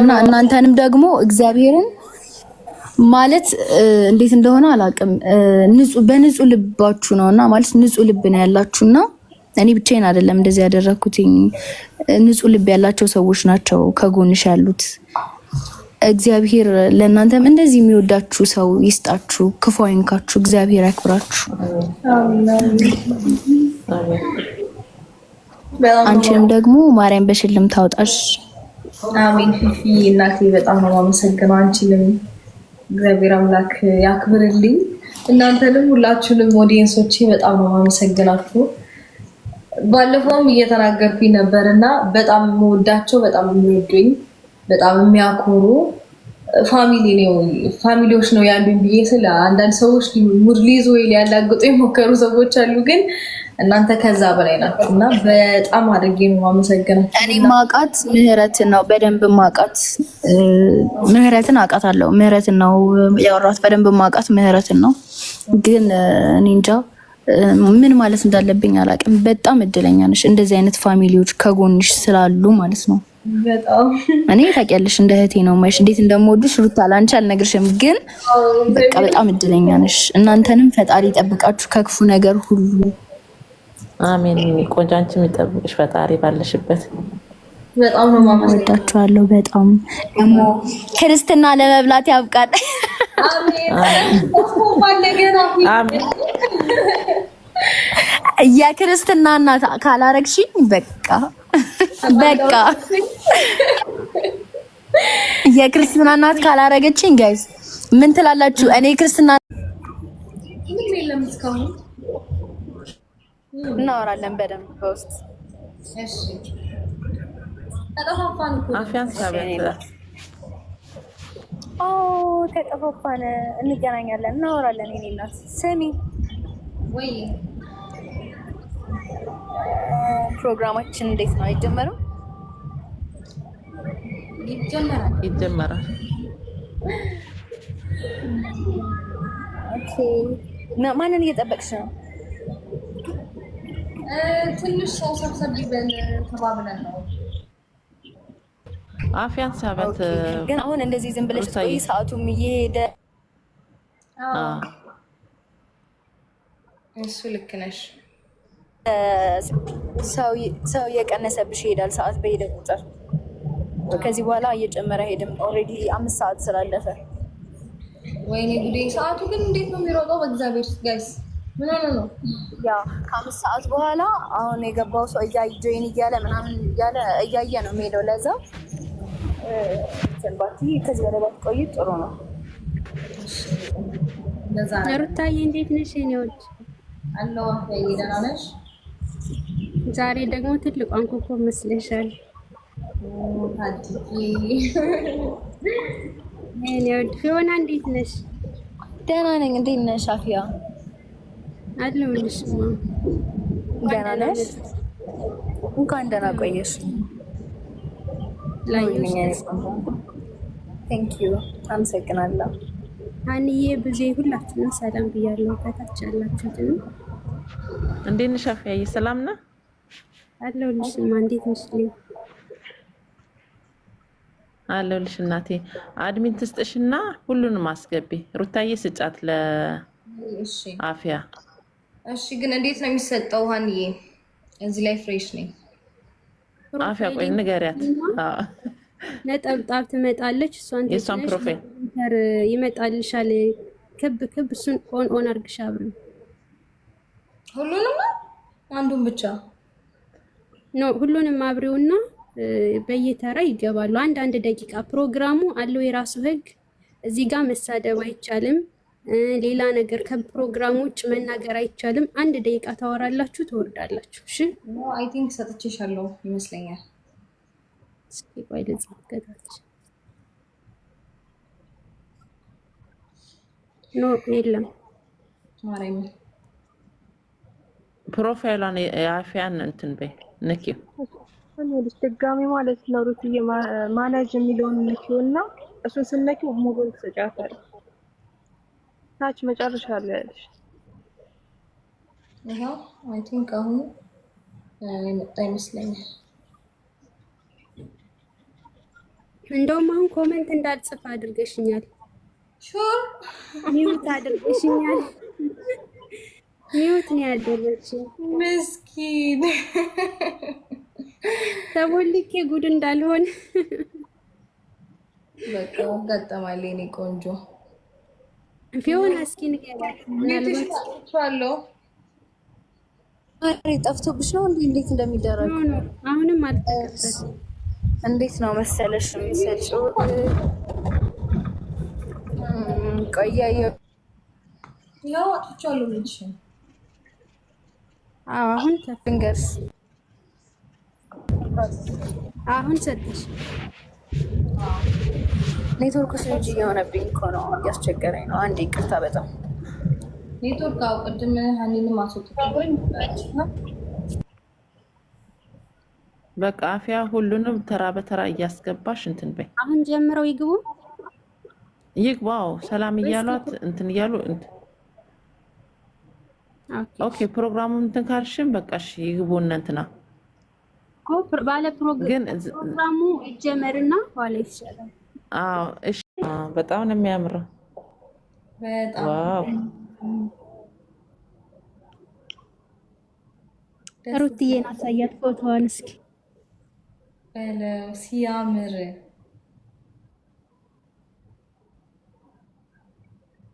እና እናንተንም ደግሞ እግዚአብሔርን ማለት እንዴት እንደሆነ አላውቅም። በንጹህ ልባችሁ ነው እና ማለት ንጹህ ልብ ነው ያላችሁ እና እኔ ብቻዬን አይደለም እንደዚህ ያደረኩትኝ። ንጹህ ልብ ያላቸው ሰዎች ናቸው ከጎንሽ ያሉት። እግዚአብሔር ለእናንተም እንደዚህ የሚወዳችሁ ሰው ይስጣችሁ፣ ክፉ አይንካችሁ፣ እግዚአብሔር ያክብራችሁ። አንቺንም ደግሞ ማርያም በሽልም ታውጣሽ። አሜን። ፊፊ እናቴ በጣም ነው የማመሰግነው። አንቺንም እግዚአብሔር አምላክ ያክብርልኝ። እናንተንም ሁላችሁንም ኦዲየንሶቼ በጣም ነው የማመሰግናችሁ። ባለፈውም እየተናገርኩኝ ነበር እና በጣም የምወዳቸው በጣም የሚወዱኝ በጣም የሚያኮሩ ፋሚሊ ነው ፋሚሊዎች ነው ያሉኝ ብዬ ስለ አንዳንድ ሰዎች ሙርሊዝ ወይ ሊያላግጡ የሞከሩ ሰዎች አሉ። ግን እናንተ ከዛ በላይ ናችሁ እና በጣም አድርጌ ነው የማመሰግናችሁ። እኔ ማቃት ምህረትን ነው በደንብ ማቃት ምህረትን አውቃታለሁ። ምህረትን ነው ያወራት በደንብ ማቃት ምህረትን ነው። ግን እኔ እንጃ ምን ማለት እንዳለብኝ አላውቅም። በጣም እድለኛ ነሽ እንደዚህ አይነት ፋሚሊዎች ከጎንሽ ስላሉ ማለት ነው። እኔ ታውቂያለሽ እንደ እህቴ ነው ማሽ እንዴት እንደምወድሽ ሩታ ላንቺ አልነግርሽም፣ ግን በቃ በጣም እድለኛ ነሽ። እናንተንም ፈጣሪ ይጠብቃችሁ ከክፉ ነገር ሁሉ አሜን። ቆንጆ አንቺ የሚጠብቅሽ ፈጣሪ ባለሽበት። በጣም ነው ወዳችኋለሁ። በጣም ደግሞ ክርስትና ለመብላት ያብቃል። የክርስትና እናት ካላረግሽኝ በቃ በቃ የክርስትና እናት ካላረገችኝ ጋይስ ምን ትላላችሁ? እኔ ክርስትና እናወራለን በደንብ በውስጥ ተጠፋፋን። እንገናኛለን፣ እናወራለን። የኔ እናት ስሚ ፕሮግራማችን እንዴት ነው? አይጀመርም? ይጀመራል። ይጀመራል ማንን እየጠበቅሽ ነው? ትንሽ ሰው ሰብሰብ ይበል ተባብለን ነው። ግን አሁን እንደዚህ ዝም ብለሽ ቆይ፣ ሰዓቱም እየሄደ እሱ ልክ ነሽ። ሰው እየቀነሰብሽ ይሄዳል። ሰዓት በሄደ ቁጥር ከዚህ በኋላ እየጨመረ ሄድም። ኦልሬዲ አምስት ሰዓት ስላለፈ ወይኔ ጉዴ! ሰዓቱ ግን እንዴት ነው የሚሮጠው? በእግዚአብሔር ጋይስ ምን ሆነ ነው? ያ ከአምስት ሰዓት በኋላ አሁን የገባው ሰው እያጆይን እያለ ምናምን እያለ እያየ ነው የሚሄደው። ለዛ ሰንባት ከዚህ በላይ ባትቆይ ጥሩ ነው። ሩታዬ እንዴት ነሽ? ኔዎች አለዋ ደህና ነሽ? ዛሬ ደግሞ ትልቋን ኮኮ መስለሻል። ፊዮና እንዴት ነሽ? ደህና ነኝ። እንዴት ነሽ አፊያ? አለሁልሽ። ደህና ነሽ? እንኳን ደህና ቆየሽ። ቴንክ ዩ አመሰግናለሁ። አንዬ ብዙ ሁላችንም ሰላም ብያለሁ። ከታች ያላችሁትን እንዴት ነሽ አፊያዬ? ሰላም ነህ? አለሁልሽ ማ እንዴት ነሽ? አለሁልሽ እናቴ። አድሚን ትስጥሽና ሁሉንም አስገቢ። ሩታዬ ስጫት ለአፍያ። እሺ፣ ግን እንዴት ነው የሚሰጠው? ሀንዬ እዚህ ላይ ፍሬሽ ነኝ። አፍያ ቆይ ንገሪያት። ነጠብጣብ ትመጣለች። እሷን የእሷን ፕሮፋይል ይመጣልሻል። ክብ ክብ እሱን ኦን ኦን አድርግሽ አብረን ሁሉንም አንዱን ብቻ ነው። ሁሉንም አብሬውና በየተራ ይገባሉ። አንዳንድ ደቂቃ ፕሮግራሙ አለው የራሱ ህግ። እዚህ ጋር መሳደብ አይቻልም። ሌላ ነገር ከፕሮግራሙ ከፕሮግራሞች መናገር አይቻልም። አንድ ደቂቃ ታወራላችሁ፣ ትወርዳላችሁ። እሺ አይ ቲንክ ሰጥቼሻለሁ ይመስለኛል። እስኪ ኖ የለም ፕሮፋይሏን የአፊያን እንትን በይ ንኪ ድጋሚ ማለት ነው። ሩትዬ ማናጅ የሚለውን ነኪው እና እሱን ስነኪው ሞባይል ተጫታል ታች መጨረሻ አለ ያለሽ ይኸው አይ ቲንክ አሁን የመጣ ይመስለኛል። እንደውም አሁን ኮመንት እንዳልጽፍ አድርገሽኛል። ሹር ሚውት አድርገሽኛል። ሚዩት ነው ያደረች። ምስኪን ተቦልኬ ጉድ እንዳልሆን በቃ ገጠማል። የኔ ቆንጆ ፊሆን እስኪ ንገሪያለሁ። ጠፍቶብሽ ነው እንዴ? እንዴት እንደሚደረግ አሁንም አልጠቀበት። እንዴት ነው መሰለሽ የምሰጪው ቆያ ያው አጥቻለሁ ልጅሽን አሁን ፍንገርስ አሁን ሰጥሽ ኔትወርክ ስንጅ እየሆነብኝ እኮ ነው፣ እያስቸገረኝ ነው። አንዴ ይቅርታ። በጣም ኔትወርክ አው ቅድም ሀኒን ማስወጥ በቃ አፊያ ሁሉንም ተራ በተራ እያስገባሽ እንትን በይ። አሁን ጀምረው ይግቡ ይግባው። ሰላም እያሏት እንትን እያሉ ኦኬ ፕሮግራሙ እንትን ካልሽም በቃ እሺ ይግቡና እንትና ባለ ፕሮግራሙ ይጀመርና በኋላ ይሻላል። እሺ በጣም ነው የሚያምረው። ሩትዬን አሳያት ፎቶዋን እስኪ ሲያምር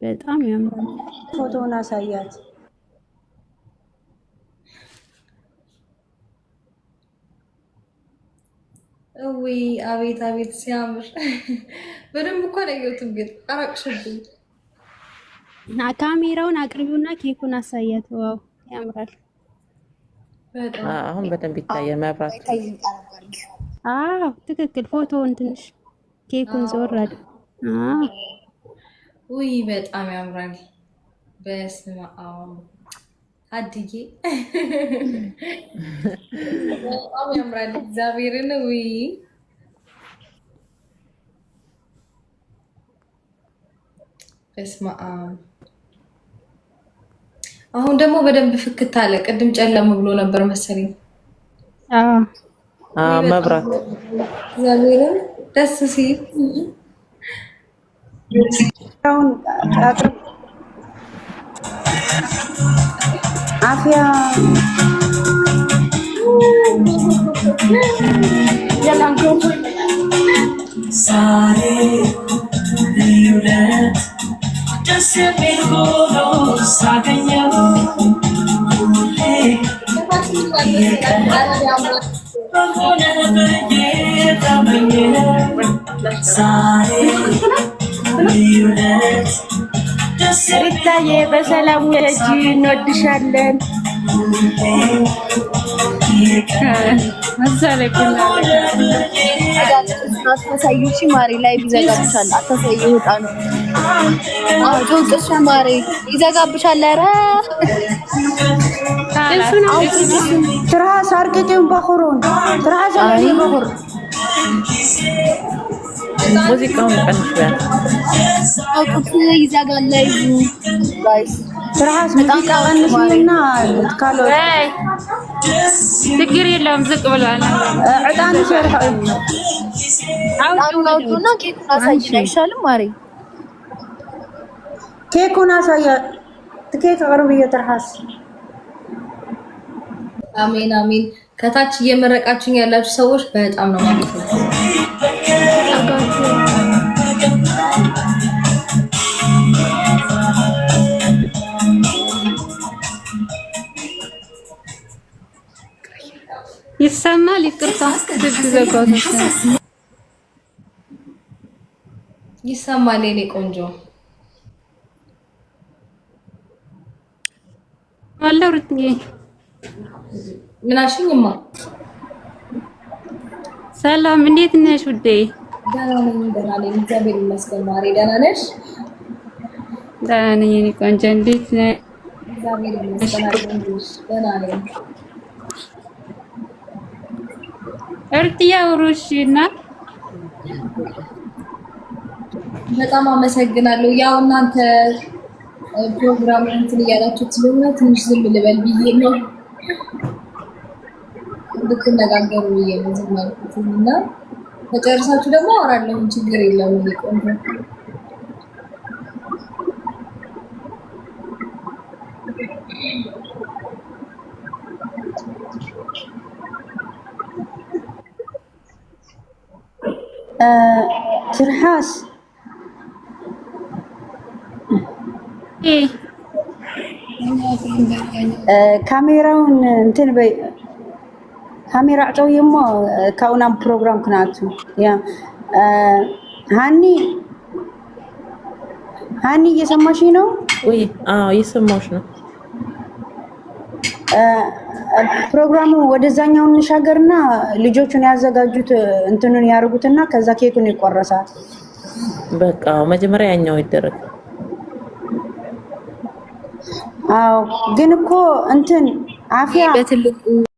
በጣም ያምራል። ፎቶውን አሳያት እውይ አቤት አቤት ሲያምር! በደንብ እኮ አላየሁትም፣ ግን አራቅሽብኝ። ካሜራውን አቅርቢውና ኬኩን አሳያት። ዋው ያምራል። አሁን በደንብ ይታያል መብራት አዎ ትክክል። ፎቶውን ትንሽ ኬኩን ዘወራድ ውይ በጣም ያምራል። በስመ አብ አድጌ በጣም ያምራል። እግዚአብሔርን ውይ በስመ አሁን ደግሞ በደንብ ፍክት አለ። ቅድም ጨለም ብሎ ነበር መሰለኝ። መብራት እግዚአብሔርን ደስ ሲል አፍያ Yan ang comfort. Sare, liulet, kasi pinuro sa kanya huli. Ako na nagayit ang bangin. Sare, liulet, ብታዬ በሰላም ወለጅ እንወድሻለን። እዛ ላይ ቡና አታሳዩሽ ማሬ ላይ ይዘጋብሻል። አታሳዩ ወጣ ነው ጭንቅሽ ማሬ ይዘጋብሻል። ኧረ ትርሃስ አርቅቄውን ባሁሮን ትርሃስ ባሁር ሙዚቃውን ቀንሽ ያ አውጡት ይዘጋል። ላይ ጋይስ ትርሃስ ሙዚቃ ቀንሽ እና ካልሆነ ችግር የለውም። ዝቅ ብሏል። ዕጣንሽ አውጡና ኬኩን አሳይን አይሻልም? ማሪ ኬኩን አሳያ። ኬክ ቅርብ እየተርሐስ አሜን አሜን። ከታች እየመረቃችሁ ያላችሁ ሰዎች በጣም ነው ማለት ነው። ይሰማል። ይቅርታ ይሰማል። የኔ ቆንጆ አለው ርትዬ ምናሽኝማ ሰላም፣ እንዴት ነሽ ውዴ? ደህና ነኝ፣ ደህና ነኝ፣ እግዚአብሔር ይመስገን። ማሬ ደህና ነሽ? ደህና ነኝ የኔ ቆንጆ፣ እንዴት ነሽ? እግዚአብሔር ይመስገን፣ ደህና ነኝ። እርት ያውሩ እና በጣም አመሰግናለሁ። ያው እናንተ ፕሮግራም እንትን እያላችሁት ስለሆነ ትንሽ ዝም ልበል ብዬ ነው እንድትነጋገሩ ብዬ ነው ዝም አልኩት እና ተጨርሳችሁ ደግሞ አወራለሁ። ችግር የለም። ቆንጆ ትርሓስ ካሜራውን እንትን በይ ካሜራ አዕጠው የሞ ካብኡ ፕሮግራም ክነኣቱ ያ ሃኒ ሃኒ እየሰማሽ ነው ወይ? አዎ እየሰማሽ ነው። ፕሮግራሙ ወደዛኛው እንሻገርና ልጆቹን ያዘጋጁት እንትኑን ያደርጉትና ከዛ ኬኩን ይቆረሳል። በቃ መጀመሪያ ያኛው ይደረግ። አዎ ግን እኮ እንትን አፍያ